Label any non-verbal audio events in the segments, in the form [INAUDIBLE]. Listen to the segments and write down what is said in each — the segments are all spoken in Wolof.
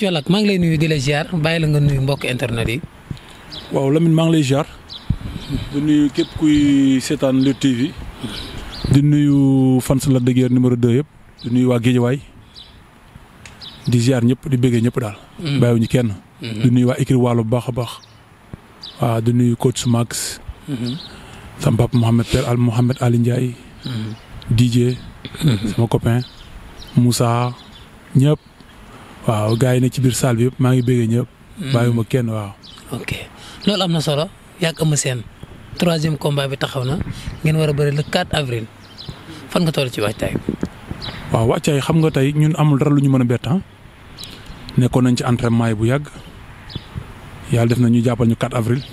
Colack maa ngi lay nuyu di la ziar la nga nuyu mbokk internet yi. waaw Lamine maa ngi lay ziar. Hmm. di nuyu képp kuy seetaan Lutte TV. di nuyu fans Lac de Guiers numéro yëpp di nuyu waa Géejawaay di ziar ñëpp di bëggee ñëpp daal. Mm. bàyyiwuñu kenn. Mm-hmm. di nuyu waa écurie Waalo baax baax. waaw di nuyu coach Max. Mm-hmm. sama papa Mouhamed Père Al Mouhamed Ali Ndiaye. Mm-hmm. DJ. sama copain Moussa ñëpp. waaw gars yi ne ci biir salle bi yëpp maa ngi bëggee ñëpp. bàyyiwuma kenn waaw. ok loolu am na solo yàgg am seen troisième combat bi taxaw na ngeen war a bëri le 4 avril fan nga toll ci waajtaay waaw waajtaay xam nga tey ñun amul dara lu ñu mën a bett ah. nekkoon nañ ci entraînement yi bu yàgg yàlla def na ñu jàppal ñu 4 avril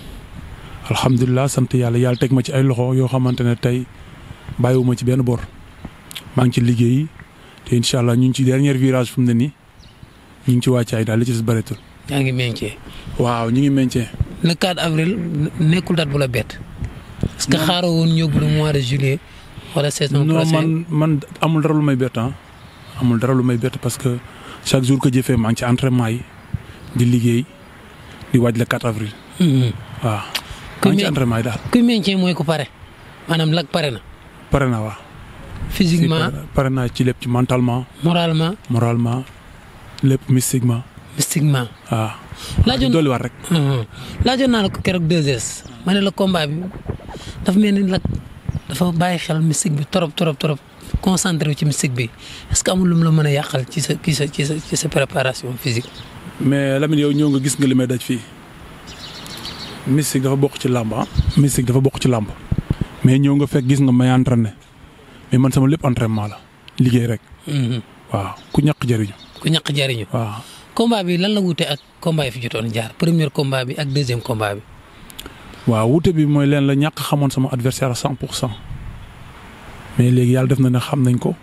alhamdulilah sant yàlla yàlla teg ma ci ay loxo yoo xamante ne tey bàyyiwuma ci benn bor maa ngi ci liggéey te incha allah ñu ngi ci dernier virage fu mu ne nii ñu ngi ci waajtaay daal li ci des yaa ngi meñcee. waaw ñu ngi meñcee. le 4 avril nekkul date bu la bett. parce wala saison prochaine man amul dara lu may bett ah. amul dara lu may bett parce que chaque jour que jëfee maa ci entraînement yi di liggéey di waaj le 4 avril. Mm-hmm. waaw maa ngi ci entraînement yi daal. kuy maintien mooy ku pare maanaam lag pare na. pare na waaw. physiquement pare naa ci lépp ci mentalement. moralement moralement lépp mystiquement. mystiquement waaw. laajoon dolli rek. Mm-hmm. laajoon naa la ko keroog 2S la combat bi daf mel dafa bàyyi xel mystique bi trop trop trop concentré wu ci bi est que amul lu mu la mën a yàqal ci sa ci sa ci sa ci sa préparation physique. mais Lamine yow ñëw nga gis nga li may daj fii mystique dafa bokk ci làmb ah. mystique dafa bokk ci làmb mais ñëw nga fekk gis nga may entraîné mais man sama lépp entraînement la liggéey rek. Mm-hmm. waaw ku ñàkk jariñu. ku ñaq jariñu. waaw combat bi lan na wute ak combat yi fi jotoon jaar premier combat bi ak deuxième combat bi. waaw wute bi mooy leen la ñàkk xamoon sama adversaire à pour cent mais léegi yàlla def na ne xam nañ ko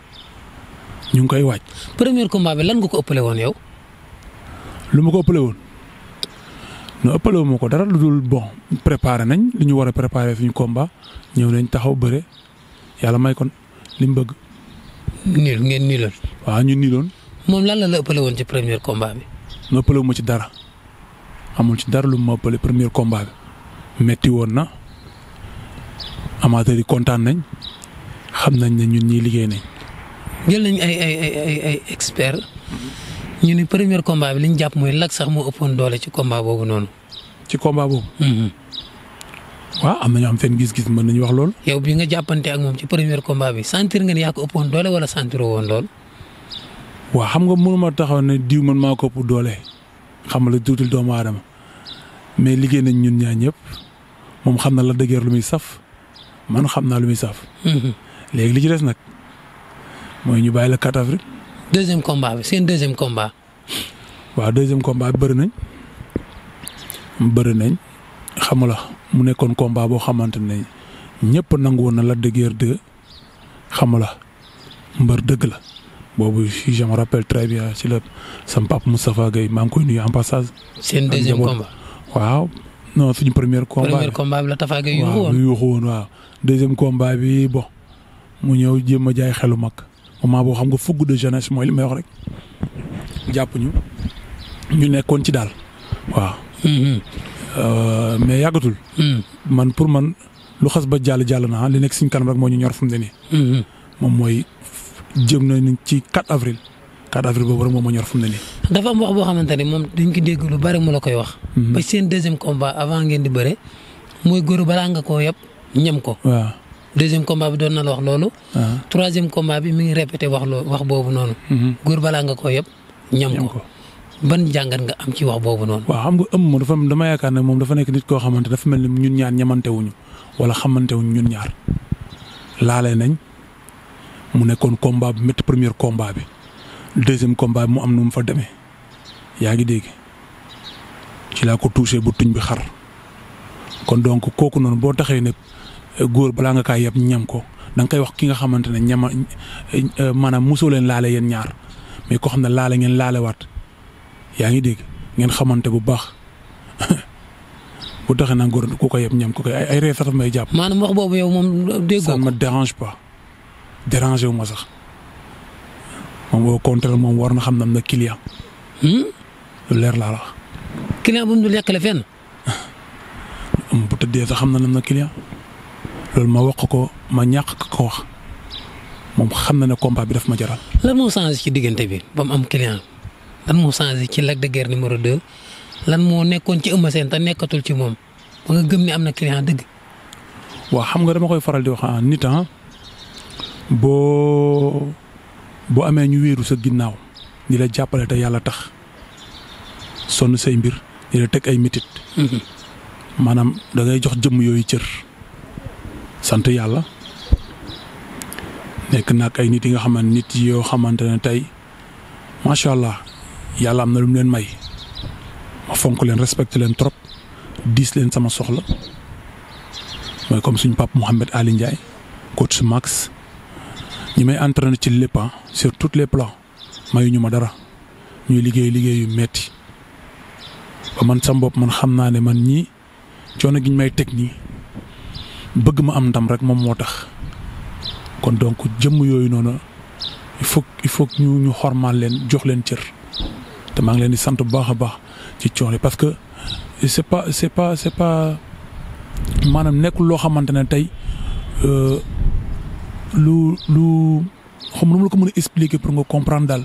ñu ngi koy waaj. premier combat bi lan nga ko ëppale woon yow. lu ma ko ëppale woon non ëppale wu ma ko dara lu dul bon préparé nañ li ñu war a préparé suñu combat ñëw nañ taxaw bëre yàlla may kon li bëgg. niil ngeen niiloon. waaw ñu niiloon. moom lan la la ëppale woon ci premier combat bi. ma ëppale wu ci dara amul ci dara lu ma ëppale premier combat bi. metti woon na amateurs yi kontaan nañ xam nañ ne ñun ñii liggéey nañ. jël nañ ay ay ay ay experts ñu ne premier combat bi li ñu jàpp mooy Lac sax moo ëppoon doole ci combat boobu noonu. ci combat boobu. Mm-hmm. waaw am na ñu am gis-gis mën nañu wax lool. yow bi nga jàppante ak moom ci premier combat bi sentir nga ne yaa ko ëppoon doole wala sentir woon lool. waaw xam nga mënuma taxaw ne diw man maa ko doole xam nga la tuutil doomu aadama mais liggéey nañ ñun ñaar ñëpp moom xam na la dëgër lu muy saf man xam naa lu muy saf. Mhm. léegi li ci des nag mooy ñu bàyyi la 4 avril. deuxième combat bi seen deuxième komba waa deuxième combat bëri nañ bëri nañ xam la mu nekkoon combat boo xamante ne ñëpp nangu woon na Lac de Guiers la mbër dëgg la boobu si je me rappelle très bien si la sam papa Moustapha Guèye maa koy nuyu en passage. seen deuxième combat waaw non suñu premier combat premier combat bi la Tafa Gueye yuuxu woon waaw yuuxu woon waaw bi bo mu ñëw jéem a jaay xelu mag moment boo xam nga fougue de jeunesse mooy li may wax rek jàpp ñu ñu nekkoon ci daal waaw. Mm-hmm. Euh, mais yàggatul. Mm. man pour man lu xas ba jàll jàll naa li nekk suñ kanam rek moo ñu ñor fu mu ne mm-hmm. moom mooy jëm nañ ci 4 avril. 4 avril boobu rek moom moo ñor fu ne nii. dafa am lu bari mu la koy wax. Mhm. ba seen deuxième avant ngeen di bëre mooy góoru balaa nga koo yëpp ñam ko. waaw deuxième bi doon na la wax loolu. Ah. troisième combat bi mi ngi répété wax loo wax boobu noonu. Mhm. góor balaa nga koo yëpp ñam ko. ban jàngat nga am ci wax boobu noonu. waaw xam nga ëmm moom dafa dama yaakaar ne moom dafa nekk nit koo xamante dafa mel ni ñun ñaar ñamante wuñu wala xamante wuñu ñun ñaar laale nañ mu nekkoon combat bi métti premier combat bi deuxième combat mu am nu mu fa demee yaa ngi dégg ci laa ko touché bu tuñ bi xar kon donc kooku noonu boo taxee ne eh, góor balaa nga kaa yeb ñam ko danga nga koy wax ki nga xamante ne ñama eh, maanaam mosoo leen laale yéen ñaar mais koo xam ne laale ngeen laalewaat yaa ngi dégg ngeen xamante bu baax. [LAUGHS] bu taxee nag góor ku ko yeb ñam ko koy ay ay reer sax may jàpp. maanaam wax boobu yow moom déggoo ko ça ne me dérange wu ma sax. moom au contraire moom war na xam ne am na client. Hmm? lu leer laa la. client bu mu lekk la fenn. [LAUGHS] bu tëddee sax xam na ne am na ma wax ko ma ñàkk ko wax moom xam na ne combat bi daf ma jaral. lan moo changé ci diggante bi ba mu am client lan moo changé ci Lac de Guiers numéro 2 lan moo nekkoon ci Eumeu Sène te nekkatul ci moom ba nga gëm ni am na client dëgg. waaw xam nga dama koy faral di wax ah, nit ah boo boo amee ñu wéeru sa ginnaaw di la jàppale te yàlla tax sonn say mbir di la teg ay métit mhm. maanaam da ngay jox jëmm yooyu cër sant yàlla nekk nag ay nit yi nga xamante nit yoo xamante ne tey macha allah yàlla am na lu mu leen may ma fonk leen respecté leen trop diis leen sama soxla mooy comme suñ pap Mouhamed Ali Ndiaye coach Max ñi may entraîné ci lépp ah, sur tous les plans mayuñu ma dara ñuy liggéey liggéey yu metti ba man sam bopp man xam naa ne man ñii coono gi ñu may teg nii bëgg ma am ndam rek moom moo tax kon donc jëmm yooyu noonu il faut il faut ñu ñu xormaal leen jox leen cër te maa ngi leen di sant bu baax a baax ci coono parce que c'est pas c'est pas c'est pas maanaam nekkul loo xamante ne tey. Euh, lu lu xam nu ma la ko mën a expliquer pour nga comprendre daal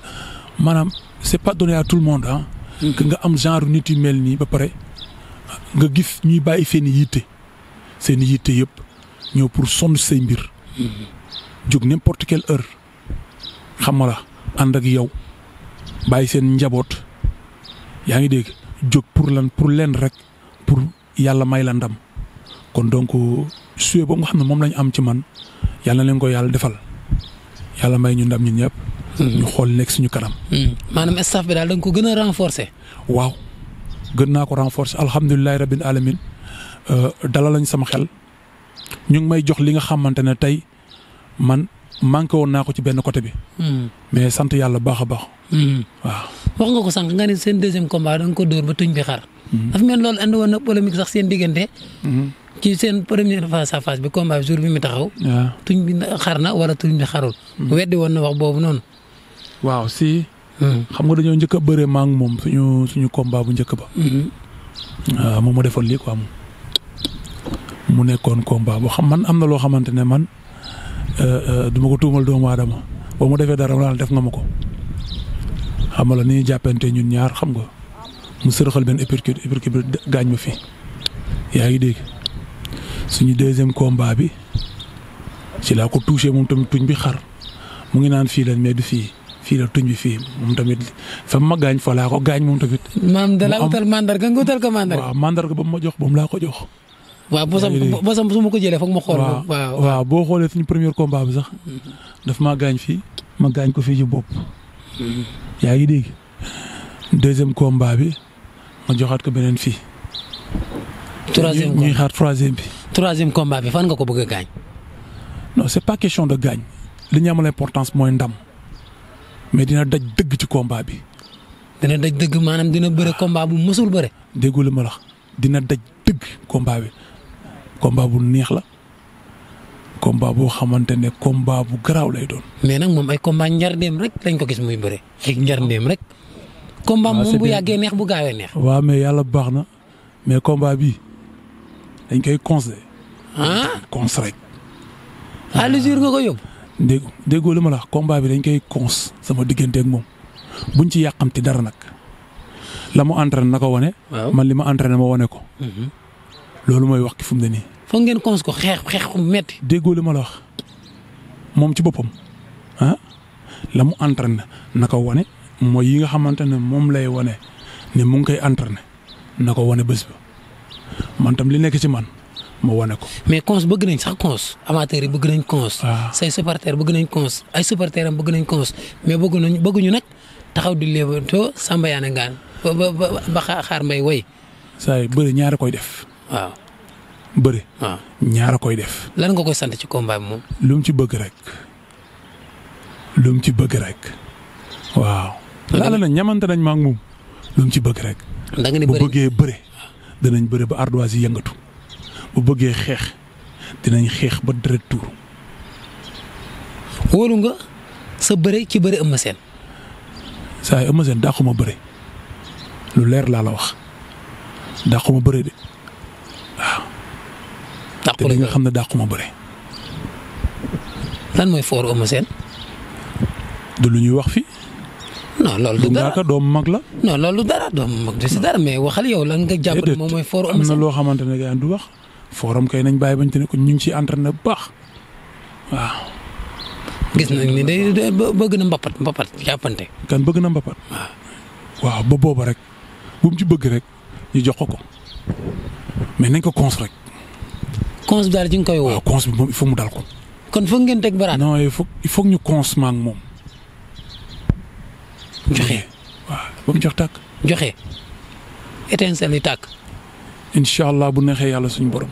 maanaam c'est pas donné à tout le monde ah. que nga am genre nit yu nii ba pare nga gis ñuy bàyyi seen i yitte seen i yitte yëpp ñëw pour sonn say mbir. jóg n'importe quelle heure xam nga la ànd ak yow bàyyi seen njaboot yaa ngi dégg jóg pour lan pour leen rek pour yàlla may la ndam kon donc suy boobu nga xam ne moom lañu am ci man. yàlla na ko yàlla defal yàlla may ñu ndam ñun ñëpp. Hmm. ñu xool nekk suñu kanam. Hmm. maanaam staff bi daal da ko gën a renforcer. waaw gën naa ko renforcer alhamdulilah rabbil alamin euh, dalal lañ sama xel ñu ngi may jox li nga xamante ne tey man manqué woon naa ko ci benn côté bi. Hmm. mais sant yàlla baax a baax. waaw. wax nga ko sànq nga ne seen deuxième combat da nga ko dóor ba tuñ bi xar. dafa mel loolu andi woon na polémique sax seen diggante. kii seen première face à face bi combat bi jour bi mu taxaw. waaw tuñ bi xar na wala tuñ bi xarul. Mm. weddi woon na wax boobu noonu. waaw si. Mm. xam nga dañoo njëkk a bëree maa moom suñu suñu combat bu njëkk ba. waaw mm-hmm. ah, moom defoon lii quoi moom. mu nekkoon combat boo xam man am na loo xamante ne man euh, euh, du ma doomu aadama boo mu defee dara def nga ma ko. xam nga la ni jàppante ñun ñaar xam nga mu sërëxal benn uppercut uppercut bi gaañ ma fi yaa ngi dégg. suñu deuxième combat bi ci laa ko touché moom tamit tuñ bi xar mu ngi naan fii la mais fii fii la tuñ bi fii moom tamit fa ma gaañ laa ko gaañ moom tamit. maam da laa ko mandarga. waaw mandarga ba mu ma jox ba laa ko jox. waaw bosam bosam su ma ko jëlee foog ma xool. waaw waaw boo xoolee suñu premier combat bi sax daf fii ma gaañ ko fii ci bopp. yaa ngi dégg deuxième combat bi ma joxaat ko beneen fii. troisième ñuy xaar troisième bi. troisième combat bi fan nga ko bëgg a gaañ. non c'est pas question de gaañ li ñu amal importance mooy ndam mais dina daj dëgg ci combat bi. dina daj dëgg maanaam dina bëre combat bu mësul bëre. déggu li ma lax dina daj dëgg combat bi combat bu neex la combat boo xamante ne combat bu garaaw lay doon. mais nag moom ay combat njarndeem rek lañ ko gis muy bëre ay njarndeem rek. combat ah, moom bu yàggee neex bu gaawee neex. waa mais yàlla baax na mais combat bi koy conseillé ah cons rek. à ah, l'usure nga ko yóbbu. déggoo li ma la wax combat bi dañ koy cons sama diggante ak moom buñ ci yàqamti dara nag la mu entraîné na ko wane. man li ma entraîné ma wane ko. Mm-hmm. loolu mooy wax ki fu mu ne nii. foog ngeen cons ko xeex xeex ku metti. déggoo li ma la wax moom ci boppam ah la mu entraîné na ko wone mooy yi nga xamante ne moom lay wane ne mu ngi koy entraîné na ko wane bés ba man tam li nekk ci man. ma wane ko. mais cons bëgg nañ sax cons amateurs yi bëgg nañ cons. Ah. say supporters bëgg nañ cons ay supporters am bëgg nañ cons mais bëggu nañ bëgguñu nag taxaw di leebatoo Samba Yaana Ngaan ba ba ba koy def. waaw. bëri. waaw ñaara koy def. lan nga koy sant ci combat bi moom. ci bëgg rek. lu mu ci bëgg rek. waaw. laala na ñamante nañ ma ak moom. ci bëgg rek. bu bëggee bëri. danañ bëri ba ardoise yëngatu. bu bëggee xeex dinañ xeex ba deret tuuru. nga sa bëre ci bëre Eumeu Sène. saa yi Eumeu Sène dàquma bëre lu leer laa la wax dàquma bëre de waaw. dàqu nga xam ne dàquma bëre. lan mooy fooru Eumeu seen du lu ñuy wax fii. non loolu du dara doomu mag la. non loolu du dara doomu mag du si dara mais waxal yow lan nga jàpp ne moom mooy fooru Eumeu Sène. am na loo xamante ne du wax. forum kay nañ bàyyi bañ te ne ko ñu ngi ciy entraîné bu baax waaw. gis nañ ni day bëgg na mbapat mbapat jàppante. kan bëgg na mbapat. waaw ba booba rek bu mu ci bëgg rek ñu jox ko ko mais nañ ko cons rek. cons bi daal ci nga koy woo. cons bi moom il faut mu dal ko. kon foog ngeen teg baraat. non il faut il ñu cons ma ak moom. joxe waaw ba mu jox tàkk. joxe étincelle yi tàkk. incha allah bu neexee yàlla suñu borom.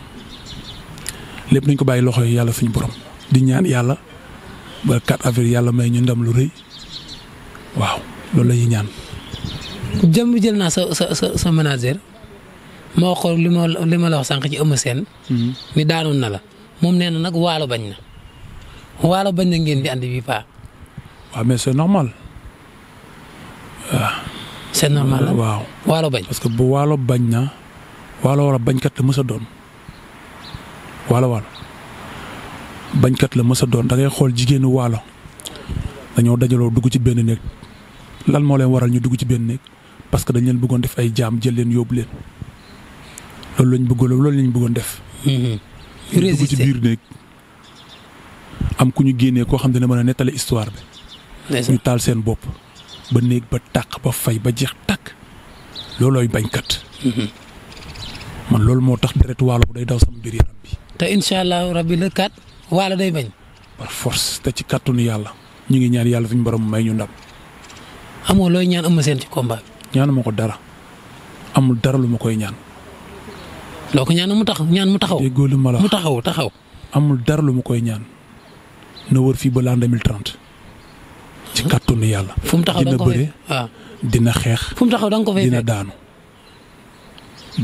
lépp nañ ko bàyyi loxo yi yàlla suñu borom di ñaan yàlla ba 4 avril yàlla may ñu ndam lu rëy waaw loolu la ñaan. jëm jël naa sa sa sa sa manager ma wax ko li ma li ma sànq ci Eumeu Sène. Mhm. ni daanoon na la moom nee nag waalo bañ na waalo bañ na ngeen di andi bi paa. waaw mais c'est normal ah. waaw. c'est waalo bañ. parce que bu waalo bañ na waalo war a bañkat la mës doon. waalo waalo bañkat la mës a doon da ngay xool jigéenu waalo dañoo dajaloo dugg ci benn néeg lan moo leen waral ñu dugg ci benn néeg parce que dañ leen bëggoon def ay jaam jël leen yóbbu leen loolu lañ bëggoon loolu lañ def. Mm-hmm. dugg ci biir néeg am ku ñu génnee koo xam ne mën a nettali histoire bi. ñu taal seen bopp ba néeg ba tàq ba fay ba jeex tàkk loolooy bañkat. Mm-hmm. man loolu moo tax deret waalo bu day daw sama biir yaram bi. te incha allahu rabbi le 4 waalo day bañ. par force te ci kàttanu yàlla ñu ngi ñaan yàlla suñu borom may ñu ndam. amoo looy ñaan Eumeu seen ci combat bi. ma ko dara amul dara lu ma koy ñaan. loo ko ñaan mu tax ñaan mu taxaw. déggoo lu ma mu taxaw taxaw. amul dara lu ma koy ñaan na wër fii ba l'an 2030. ci ah. kàttanu yàlla. fu mu taxaw da ko dina bëre ah. dina xeex. fu taxaw da ko fay dina daanu.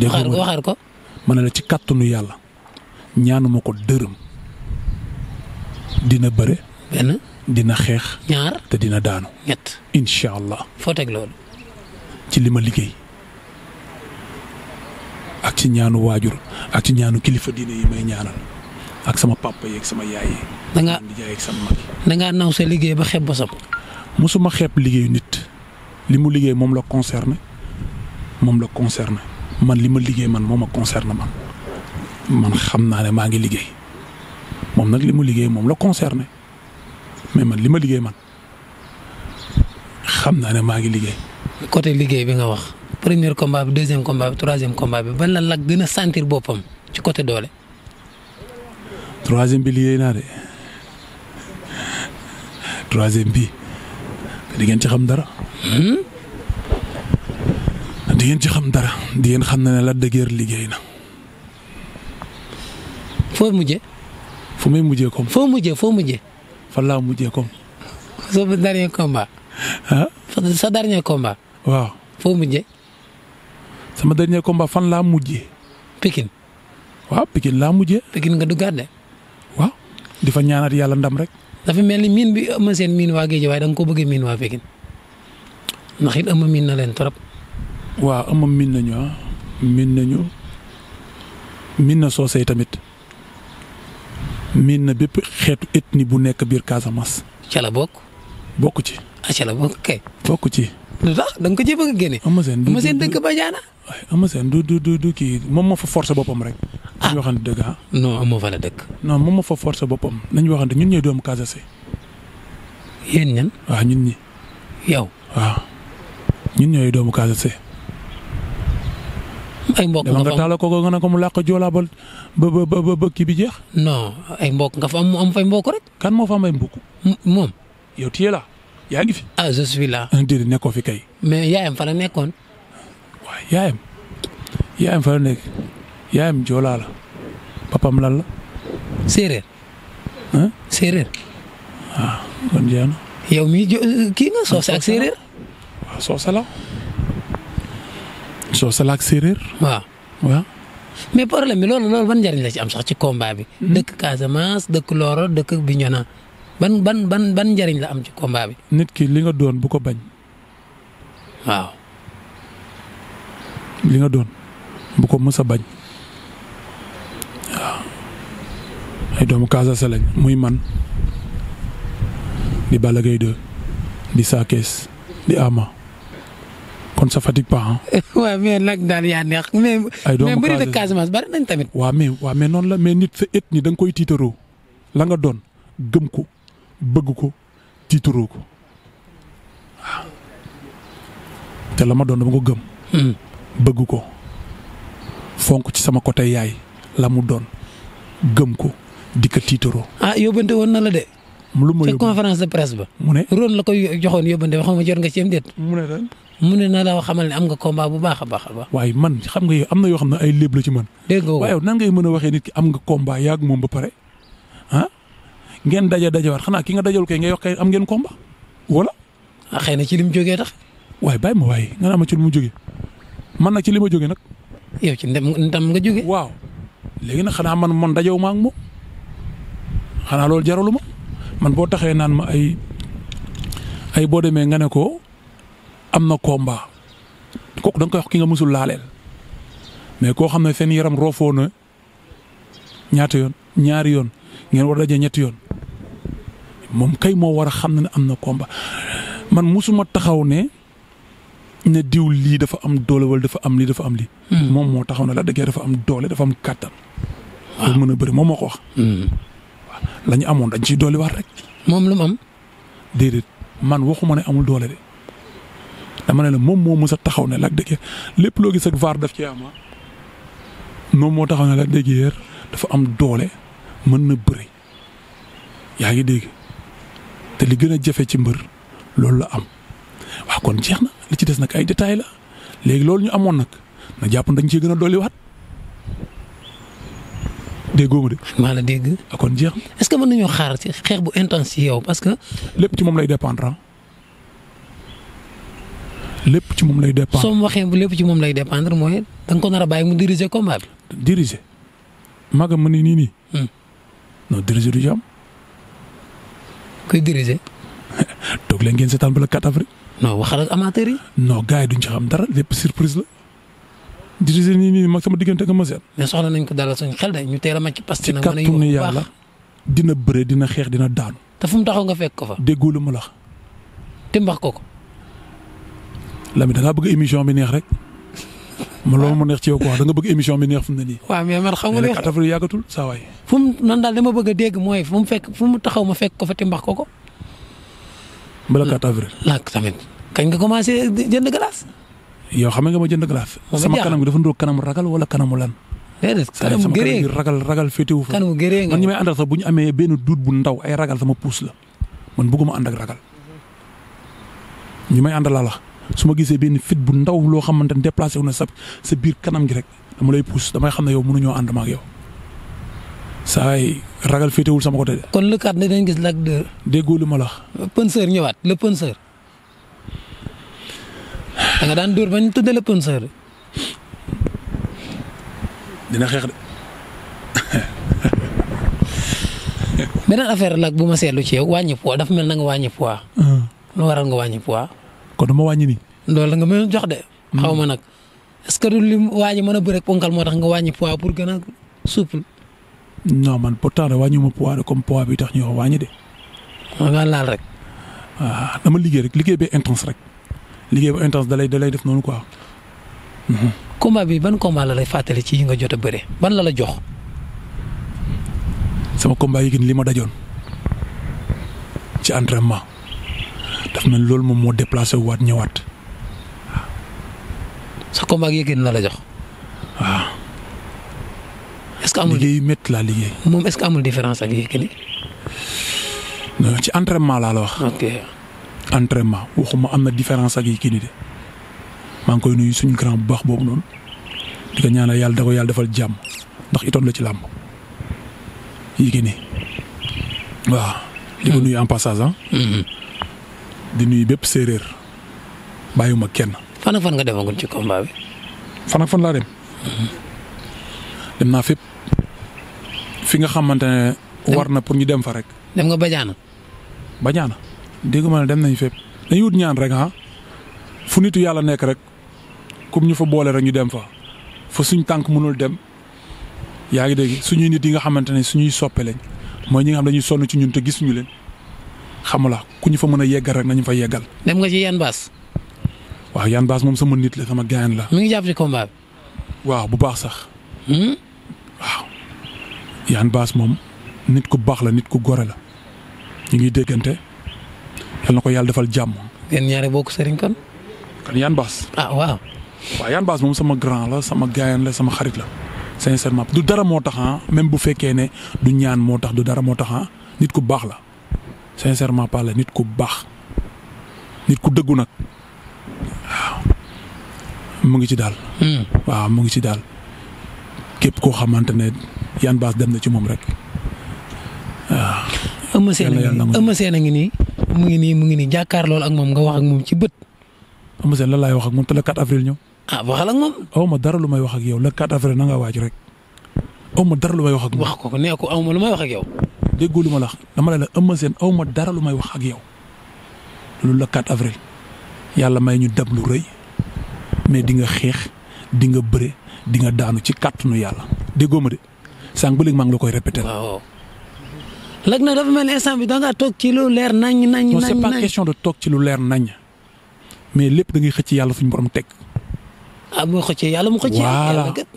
waxaar ko waxaar ko. ma ne la ci kàttanu yàlla. ñaanuma ko dërëm dina bëre. dina xeex. ñaar te dina daanu. ñett incha allah. foo teg loolu. ci li ma liggéey ak ci ñaanu waajur ak ci ñaanu kilifa diine yi may ñaanal ak sama papa yeeg sama yaay yi. da ngaa ak sama mag da ngaa naw sa liggéey ba xeeb bosam. mosuma xeeb liggéeyu nit li mu liggéey moom la concerné moom la concerné man li ma liggéey man moom ak concerné man. man xam naa ne maa ngi liggéey moom nag li mu liggéey moom la concerné mais man li ma liggéey man xam naa ne maa ngi liggéey. côté liggéey bi nga wax. premier combat bi deuxième combat bi troisième combat bi ban la Lac gën a sentir boppam ci côté doole. troisième bi liggéey naa de troisième bi di ngeen ci xam dara. Hmm? di ngeen ci xam dara di ngeen xam ne la dëgër liggéey na. foo mujjee. fu muy mujjee comme. foo mujjee foo mujjee. fan laa mujjee comme. sa dernier combat. ah sa dernier combat. waaw foo mujjee. sama dernier combat fan laa mujjee. Pikine. waaw Pikine laa mujjee. Pikine nga duggaat de. waaw di fa ñaanat yàlla ndam rek. dafa mel ni miin bi ëmma seen miin waa géej waaye da nga ko bëggee miin waa Pikine ndax it ëmma miin na leen trop. waaw ëmma miin nañu ah miin nañu miin na soosey tamit. miin na bépp xeetu ethnie bu nekk biir Casamance. ca la bokk. bokk ci. ah ca la bokk kay. bokk ci. lu tax danga ko cee bëgg a génne. ama seen du seen dëkk Badiana. ama seen du du du kii moom ma fa forcer boppam rek. ah ñu waxante dëgg ah. non amoo fa la dëkk. non moom moo fa forcer boppam nañu waxante ñun ñooy doomu Casase. yéen ñan. waaw ñun ñi. yow. waaw ñun ñooy doomu Casase. ay mbokk nga fa nga taal ko nga ne ko mu làq joolaa ba ba ba kii bi jeex. non ay mbokk nga fa am mu am fay mbokk rek. kan moo fa am ay moom. yow téye la yaa ngi fi. ah je suis là. Ah, déedéet nekkoo fi kay. mais yaayam fa la nekkoon. waaw yaayam yaayam fa la nekk yaayam joolaa la papam lan la. séeréer. ah séeréer. la. soo salaak séeréer. waaw waaw. mais problème bi loolu loolu ban njëriñ la ci am sax ci combat bi. Hmm? dëkk Casamance dëkk Loro dëkk Bignona ban ban ban ban njëriñ la am ci combat bi. nit ki li nga doon bu ko bañ. waaw. li nga doon bu ko mës a bañ waaw ay doomu Casamance lañ muy man di Balla Gaye di Sa di Ama. kon sa Fatick ba ah. [LAUGHS] waaw mais nag daal yaa neex. ay doomu mais bëri na Casamance bari nañ tamit. waaw mais waaw mais noonu la mais nit sa et ni da nga koy tiitaroo la nga doon gëm ko bëgg ko tiitaroo ko waaw doon dama ko gëm. Hmm. bëgg ko fonk ci sama côté yaay la mu doon gëm ko di ko tiitaroo. ah yóbbante woon na la de. lu ma yóbbu conférence de presse ba. mu ne ron la koy joxoon yóbbante waxuma jot nga ci am déet. mu ne mu ne naa la xamal ne am nga combat bu baax a baax a baax. waaye man xam nga yow am na yoo xam ne ay léeb ci man. dégg nga waaye nan ngay mën a waxee nit ki am nga combat yaag moom ba pare ngeen ah? ngeen daje dajewaat xanaa ki nga dajal kay ngay wax kay am ngeen combat wala. ah xëy na ci li jógee tax. waaye bàyyi ma waaye nga naa ma ci li mu jógee man nag ci li ma jógee nag. yow ci ndam ndam nga jógee. waaw léegi nag xanaa man man dajewu ma ak xanaa loolu jaralu ma man boo taxee naan ma ay ay boo demee nga ne ko am na combat kooku da nga koy wax ki nga musul laaleel mais koo xam ne seen yaram roofoo na ñaata yoon ñaari yoon ngeen war a daje ñetti yoon moom kay moo war a xam ne am na combat man musuma taxaw ne ne diw lii dafa am doole wala dafa am lii dafa am lii. Hmm. moom moo taxaw ne la dëgg dafa am doole dafa am kàttan. waaw ah. mën a bëri moom moo ko wax. Hmm. waaw amoon dañ ciy doole waat rek. moom la mu am. man man waxuma ne amul doole de. dama ne la moom moo mës a taxaw ne Lac de lépp loo gis ak vaar daf ci am moom moo taxaw ne Lac de Guiers dafa am doole mën na bëri yaa ngi dégg te li gën a jafe ci mbër loolu la am waaw kon jeex na li ci des nag ay détails la léegi loolu ñu amoon nag na jàpp dañ ci gën a dolliwaat déggoo ma de. maa la dégg. Ah, kon jeex na. est-ce que mën nañoo xaar ci xeex bu intense ci yow parce que. lépp ci moom lay dépendre ah. lépp ci moom lay dépendre. soo mu waxee ci moom lay dépendre mooy da nga ko nar a bàyyi mu diriger combat bi. diriger magam ma ni nii nii. Hmm. non diriger du ci am. kuy diriger. [LAUGHS] toog leen ngeen seetaan ba le 4 avril. non waxal ak amateur yi. non gars yi duñ ci xam dara lépp surprise la. diriger nii nii mag sama diggante ak ma seet. mais soxla nañ ko dalal suñu xel de ñu teel a màcc parce na nag mën nañu yàlla dina bëre dina xeex dina daanu. te fu mu taxaw nga fekk ko fa. déggoo lu ma la wax. te mbax ko ko. Lamine da ngaa bëgg émission bi neex rek. ma loolu mu neex ci yow quoi nga bëgg émission bi neex fu na ne nii. waaw mais man xam nga li atafal yàggatul saa daal li ma dégg mooy fu mu fekk ma fekk ko fa timbax ko ko. bala 4 avril. la tamit kañ nga commencé jënd glace. yow xam nga ma jënd glace. sama kanam gi dafa kanamu ragal wala kanamu lan. déedéet kanamu gëree sama ragal ragal féetewu fa. kanamu gëree nga man ñi bu ñu amee benn duut bu ndaw ay ragal sama puus la man bëgguma ànd ak ragal ñi may su ma gisee benn fit bu ndaw loo xamante ne déplacé wu na sa sa biir kanam gi rek dama lay pousse damay xam ne yow mënuñoo ànd ma ak yow saa yi ragal féetewul sama côté. kon le cadre dinañ gis Lac 2. déggoo li ma la wax. penseur ñëwaat le penseur. da nga daan dóor ba ñu tuddee le penseur. dina xeex de. [LAUGHS] beneen affaire Lac bu ma seetlu ci yow wàññi poids mel na nga wàññi poids. Ah. lu waral nga wàññi poids. kon dama wàññi nii. loolu nga mën jox de. Hmm. xaw ma nag est que du li waa ji mën a bëre ponkal moo tax nga wàññi poids pour gana a souple. non man pourtant de wàññiwuma poids de comme poids bi tax ñu wax wàññi de. ma nga laal rek. waaw ah, dama liggéey rek liggéey bee intense rek liggéey bu intense dalay dalay def noonu quoi. Mhm. combat bi ban combat la lay fàttali ci nga jot a bëre ban la la jox. sama combat yi gën li ci entraînement. daf mel loolu moom moo déplacé waat ñëwaat waaw. sa combat ak Yékini la la jox. waaw. est-ce que amul liggéey métti laa liggéey. moom est-ce que amul différence ak Yékini. non ci entraînement laa la wax. ok entraînement waxuma am na différence ak Yékini de maa ngi koy nuyu suñu grand bu baax boobu noonu di ko ñaanal yàlla da ko yàlla defal jàmm ndax itoon la ci làmb Yékini waaw. di ko hmm. nuyu en passage ah. Hmm. di bépp séeréer bàyyiwuma kenn. fan ak fan nga ci combat bi. fan ak fan dem. dem naa fépp fi nga xamante ne war na pour ñu dem fa rek. dem nga Badiana. Badiana dégg ma ne dem nañ fépp dañuy wut ñaan rek ah fu nit yàlla nekk rek comme ñu fa boole rek ñu dem fa fa suñ tànk mënul dem yaa ngi dégg suñuy nit yi nga xamante ne suñuy soppe lañ mooy ñu nga xam dañuy sonn ci ñun te gisuñu leen. xamula ku ñu fa mën a yeggal rek nañu fa yeggal. dem nga ci Yann Baas. waaw Yann Baas moom sama nit la sama gaañ la. mi ngi jàpp ci combat bi. bu baax sax. Hmm? waaw moom nit ku baax la nit ku gore la ñu ngi déggante yal na ko yàlla defal jàmm. ngeen ñaare bokk sëriñ kon. kan Yann Baas. ah waaw. waaw Baas moom sama grand la sama gaañ la sama xarit la. ma du dara moo tax ah, même bu fekkee ne du ñaan moo tax du dara moo tax ah, nit ku baax la. sincèrement parler nit ku baax nit ku dëggu nag mu ngi ci daal. Hmm. waaw mu ngi ci daal képp koo xamante ne yan baas dem na ci moom rek waaw. Eumeu Sène a ngi Eumeu Sène a ngi nii mu ngi nii mu ngi nii jàkkaarloo ak moom nga wax ak moom ci bët. Eumeu Sène lan laay wax ak moom te le 4 avril ñëw. ah waxal ak moom. aw dara lu may wax ak yow le 4 avril na nga waaj rek aw ma dara lu may wax moom. wax ko ko nee ko aw ma lu may wax ak yow. déggoo lu ma la dama la la Eumeu seen aw ma dara lu may wax ak yow lu la 4 avril yàlla may ñu dab lu rëy mais di nga xeex di nga bëre di nga daanu ci kàttanu yàlla déggoo ma de sànq ba léegi maa ngi koy répété. waaw na nag dafa mel ni instant bi da ngaa toog ci lu leer nañ nañ nañ c'est pas question de toog ci lu leer nañ mais lépp da ngay xëcc yàlla suñu borom teg. ah bu xëccee yàlla mu xëccee.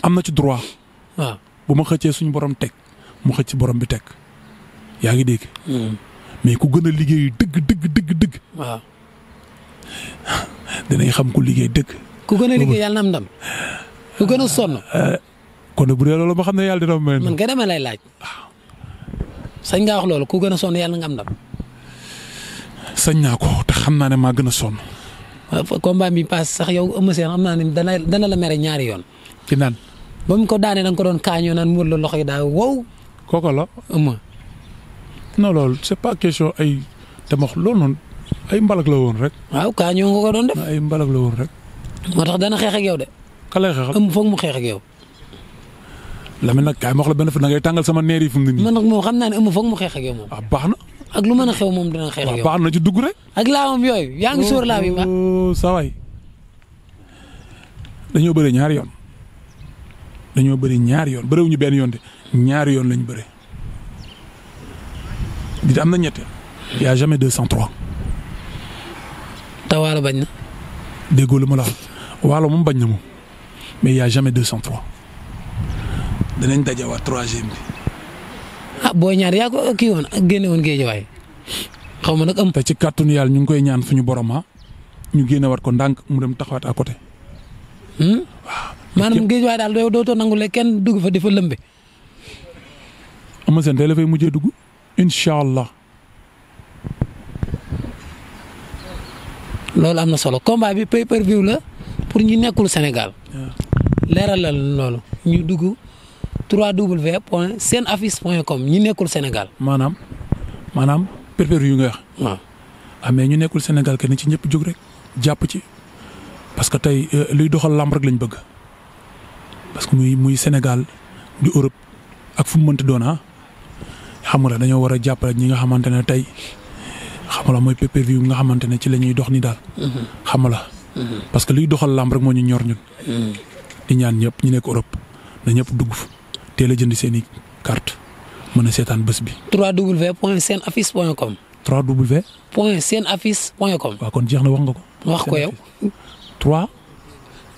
am na ci droit. waaw bu ma xëccee suñu borom teg mu xëcc borom bi teg. yaa ngi dégg. Hmm. mais ku gën a liggéey dëgg dëgg dëgg dëgg. waaw. [SIGHS] xam ku liggéey dëgg. ku gën a liggéey yàlla na am ndam. ku gën a sonn. [SIGHS] Eh, kon bu dee loolu ba xam ne yàlla dina am may. man kay dama laaj. waaw. sañ ngaa wax loolu ku gën a sonn yàlla nga am ndam. sañ naa ko te xam naa ne maa gën a sonn. combat bi paas sax yow Eumeu Sène xam naa ne dana la mere ñaari yoon. ci naan. ba ko daanee da nga ko doon kaañoo naan mu la loxo yi daal wow. kooku la Eumeu. non loolu c'est pas question ay dama wax loolu noonu ay mbalak la woon rek. waaw kaa ñoo nga ko doon def. ay mbalak la woon rek. moo tax dana xeex yow de. ka lay xeexal am foog mu xeex yow. Lamine nag kaay ma wax la benn fa da ngay tàngal sama neer yi fu nii. man nag moom xam naa ne ëmb foog mu xeex ak yow moom. ah baax na. ak lu mën a xew moom dina xeex ak ah, yow na ci dugg rek. ak laa yooyu yaa ngi sóor laam yi ba. Oh, saa ñaari yoon dañoo bëri ñaari yoon bëriwuñu benn yoon de ñaari yoon lañ bëri. nit am na ñetteel. y' a jamais deux sans trois. te waalo bañ na. déggoo lu ma la waalo moom bañ na mu mais y' a jamais deux sans trois danañ dajawaat troisième bi. ah booy ñaar yaa ko kii woon génne woon géej waay xaw ma nag am. te ci kàttanu yàlla ñu ngi koy ñaan suñu boroma ah, ñu génnewaat ko ndànk mu dem taxawaat à côté. Hmm? waaw maanaam géej waay daal doo dootoo kenn dugg fa di fa lëmbe. am na seen tey la dugg. incha allah. loolu am na solo combat bi pay la pour ñu nekkul leeral la loolu ñu dugg 3W point seen affiche point com ñu nekkul Sénégal. maanaam maanaam pay per view nga ah, ñu nekkul senegal kenn ci ñëpp jóg rek jàpp ci parce que tey euh, luy doxal làmb rek lañ bëgg parce que muy muy Sénégal di Europe ak fu mu mënti doon ah. xam nga dañoo war a jàppale ñi nga xamante ne tey xam nga mooy PPV nga xamante ne ci la ñuy dox ni daal. Mm-hmm. xam nga mm-hmm. parce que luy doxal làmb rek moo ñu ñor ñun. Mm-hmm. di ñaan ñëpp ñu nekk Europe na ñëpp dugg fa teel a jënd seen i carte mën a seetaan bés bi. trois seen www.senaffiche.com. www.senaffiche.com. waaw kon jeex na wax nga ko. wax ko yow. 3.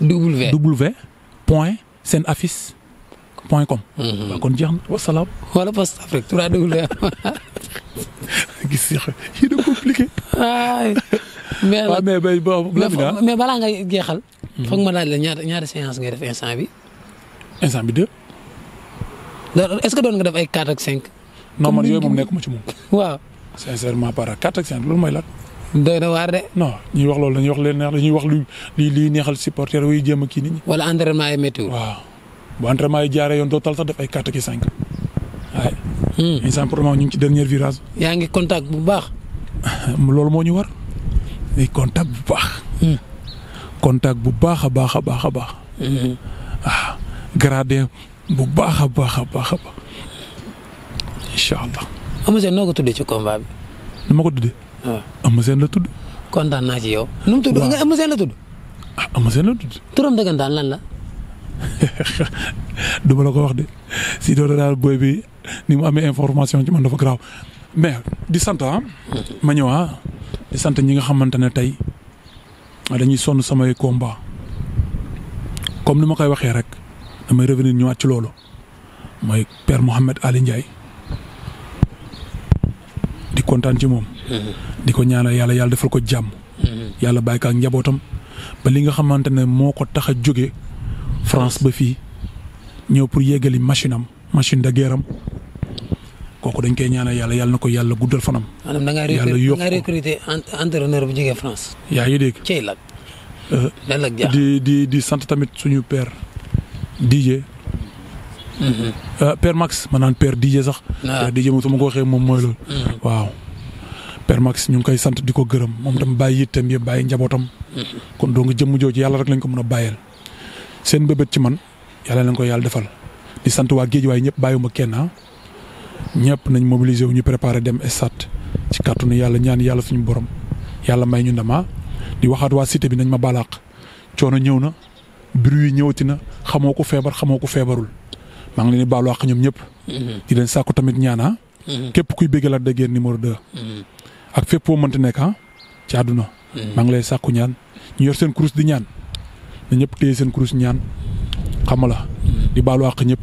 W. W. point senaffiche. point com. Mm-hmm. jeex na wasalaam. wala post afrique. gis nga yéen a compliqué. mais waaw ah, mais bay boobu. mais balaa nga jeexal. Mm-hmm. foog ma laaj la ñaata ñaata séance ngay def instant bi. instant bi deux. est-ce doon nga def ay quatre ak cinq. non man yooyu moom nekkuma ci moom. waaw. sincèrement par rapport quatre cinq loolu mooy lan. doy na waar de. non ñuy wax loolu dañuy wax leen neex dañuy wax lu lii neexal supporter wuy jéem a kii nit ñi. wala entraînement ay météo. waaw. bu entraînement yi jaaree yoon doo tal sax def ay quatre ki cinq waaye. instant pour ñu ngi ci dernier virage. yaa ngi contact bu baax. [LAUGHS] loolu moo ñu war. di contact bu baax. Hmm. contact bu baax a baax a baax a baax. Hmm. ah gradé bu baax a baax a baax a baax incha allah. Eumeu Sène noo ko tuddee ci combat bi. nu ma ko tuddee. waaw ah. Eumeu Sène la tudd. kontaan naa ci yow. nu mu tudd nga Eumeu Sène la tudd. ah Eumeu Sène la tudd. turam dëggantaan lan la. [LAUGHS] du la ko wax de si doo daal booy bi ni mu amee information ci man dafa garaaw mais di sant ah ma ñëw ah di sant ñi nga xamante ne tey dañuy sonn samay komba comme ni ma koy waxee rek damay revenir ñëwaat ci loolu mooy père Mouhamed Ali Ndiaye di kontaan ci moom. di ko ñaanal yàlla yàlla defal ko jàmm. Mm-hmm. yàlla bàyyi ko njabootam ba li nga xamante ne moo ko tax a jóge France ba fii ñëw pour yéegali machine am machine de guerre kooku dañ koy ñaanal yàlla yàlla na ko yàlla guddal fanam. maanaam da ngaa recruter entraîneur bu jógee France. yaa ngi dégg cey lag. Euh, di di di sant tamit suñu per DJ. Mm-hmm. Euh, père Max ma naan père DJ sax. waaw ah. moom su ma ko waxee moom mooy loolu. Mm-hmm. waaw père Max ñu ngi koy sant di ko gërëm moom tam bàyyi yitteem yëpp bàyyi njabootam. Mm-hmm. kon donc jëmm jooj yàlla rek lañ ko mën a bàyyeel. seen mbébét ci man yàlla nañ ko yàlla defal di sant waa géej waaye ñëpp ma kenn ah ñëpp nañ mobiliser wu ñu préparer dem stade ci kàttanu yàlla ñaan yàlla suñu borom yàlla may ñu ndama ah. di waxaat waa cité bi nañ ma balaaq coono ñëw na bruit yi ñëwati na xamoo ko feebar xamoo ko feebarul maa ngi leen di ñoom ñëpp. Mm-hmm. di leen sàkku tamit ñaana ah. mm-hmm. képp kuy bëgg Lac de Guiers numéro 2. Mm-hmm. ak fépp foo mënti nekk ah ci àdduna. maa ngi lay sàkku ñaan ñu yor seen kurus di ñaan. na ñëpp téye seen kurus ñaan xam la di baalu àq ñëpp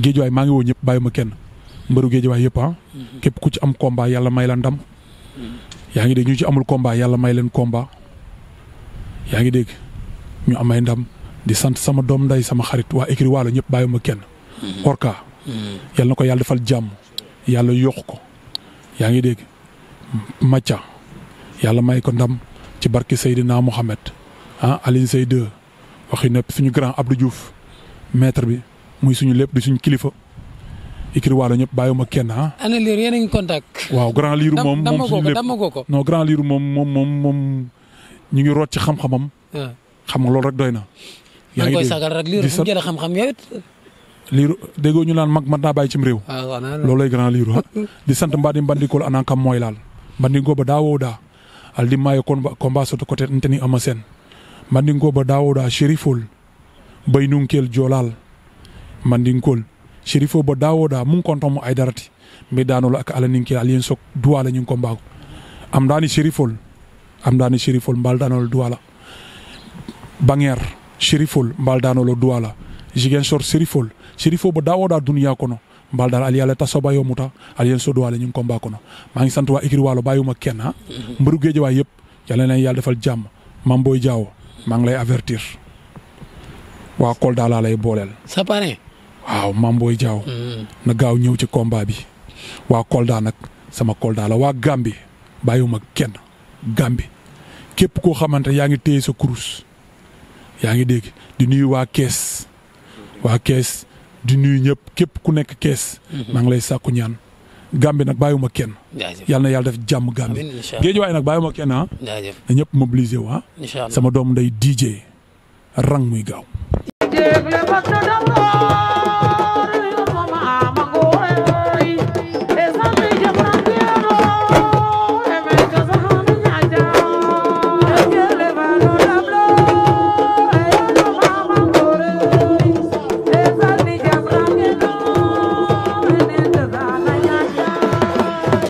géejuwaay maa ngi woo ñëpp bàyyi ma kenn mbëru géejuwaay yëpp a ah. mhm. képp ku ci am combat yàlla may la ndam. Mhm. yaa ngi dégg ñu ci amul komba yàlla may leen komba yaa ngi dégg ñu amay ndam di sant sama doom nday sama xarit waa écrit waalo ñëpp bàyyi ma kenn. Mhm. orka yàlla na ko yàlla defal jàmm yàlla yokk ko yaa ngi dégg macca yàlla may ko ndam ci barki Seydina Mohamed ah Alioune Seye 2 waxi nepp suñu grand Abdou Diouf maître bi muy suñu lépp di suñu kilifa. ikir waalo ñëpp bàyyiwuma kenn ah. ana liir yéen a ngi contact. waaw grand liiru moom moom suñu lépp damagoo ko non grand liiru moom moom moom moom ñu ngi root ci xam-xamam. Ah. xam nga loolu rek doy na. yaa ngi koy sagal rek liiru fu mu jëlee xam-xam yow it liiru déggoo naan mag mën naa bàyyi cim réew. Ah, waaw loolay grand liiru ah. [LAUGHS] di sant mbaa di a anakam mooy laal. mbandikoo ba daa woo daa al di maayo combat soto côté nteni a seen mandinkoɓe dawoɗo a sérifol baynunkel jolal mandinkol sérif o bo dawoɗa mum kontomo aydarati mbeɗanolo aka alaninkel aliyen sok duwala ñin ko mbago amdani sérifol amdani sérifol mbaldanolo duwala baŋer sérifol mbaldanolo duwala jigen sor sérifol sérif o bo dawoɗa duniya kono mbaldal ali ala ta soba yomuta aliyen so duwala ñin ko mba kono magi santuwa écri walo bayuma ken ha ah. mm-hmm. mbarugueje wa yépp yalana yal defal jamm mamboy diawo maa ngi lay avertir waa Kolda laa lay booleel. sa parrain. waaw Mame Boye Diao. Hmm. na gaaw ñëw ci combat bi. waa Kolda nag sama Kolda la waa Gàmbi bàyyiwuma kenn Gàmbi képp koo xamante yaa ngi téye sa kurus yaa ngi dégg di nuyu waa kees waa kees di nuyu ñëpp képp ku nekk kees. Hmm. maa ngi lay sàkku ñaan. Gàmbi nag bàyyiwuma kenn. yal na yàlla def jàmm Gàmbi. géej waay nag bàyyiwuma kenn ah. jaajëf na ñëpp mobiliser waa. Ah. sama doom nday DJ rang muy gaaw.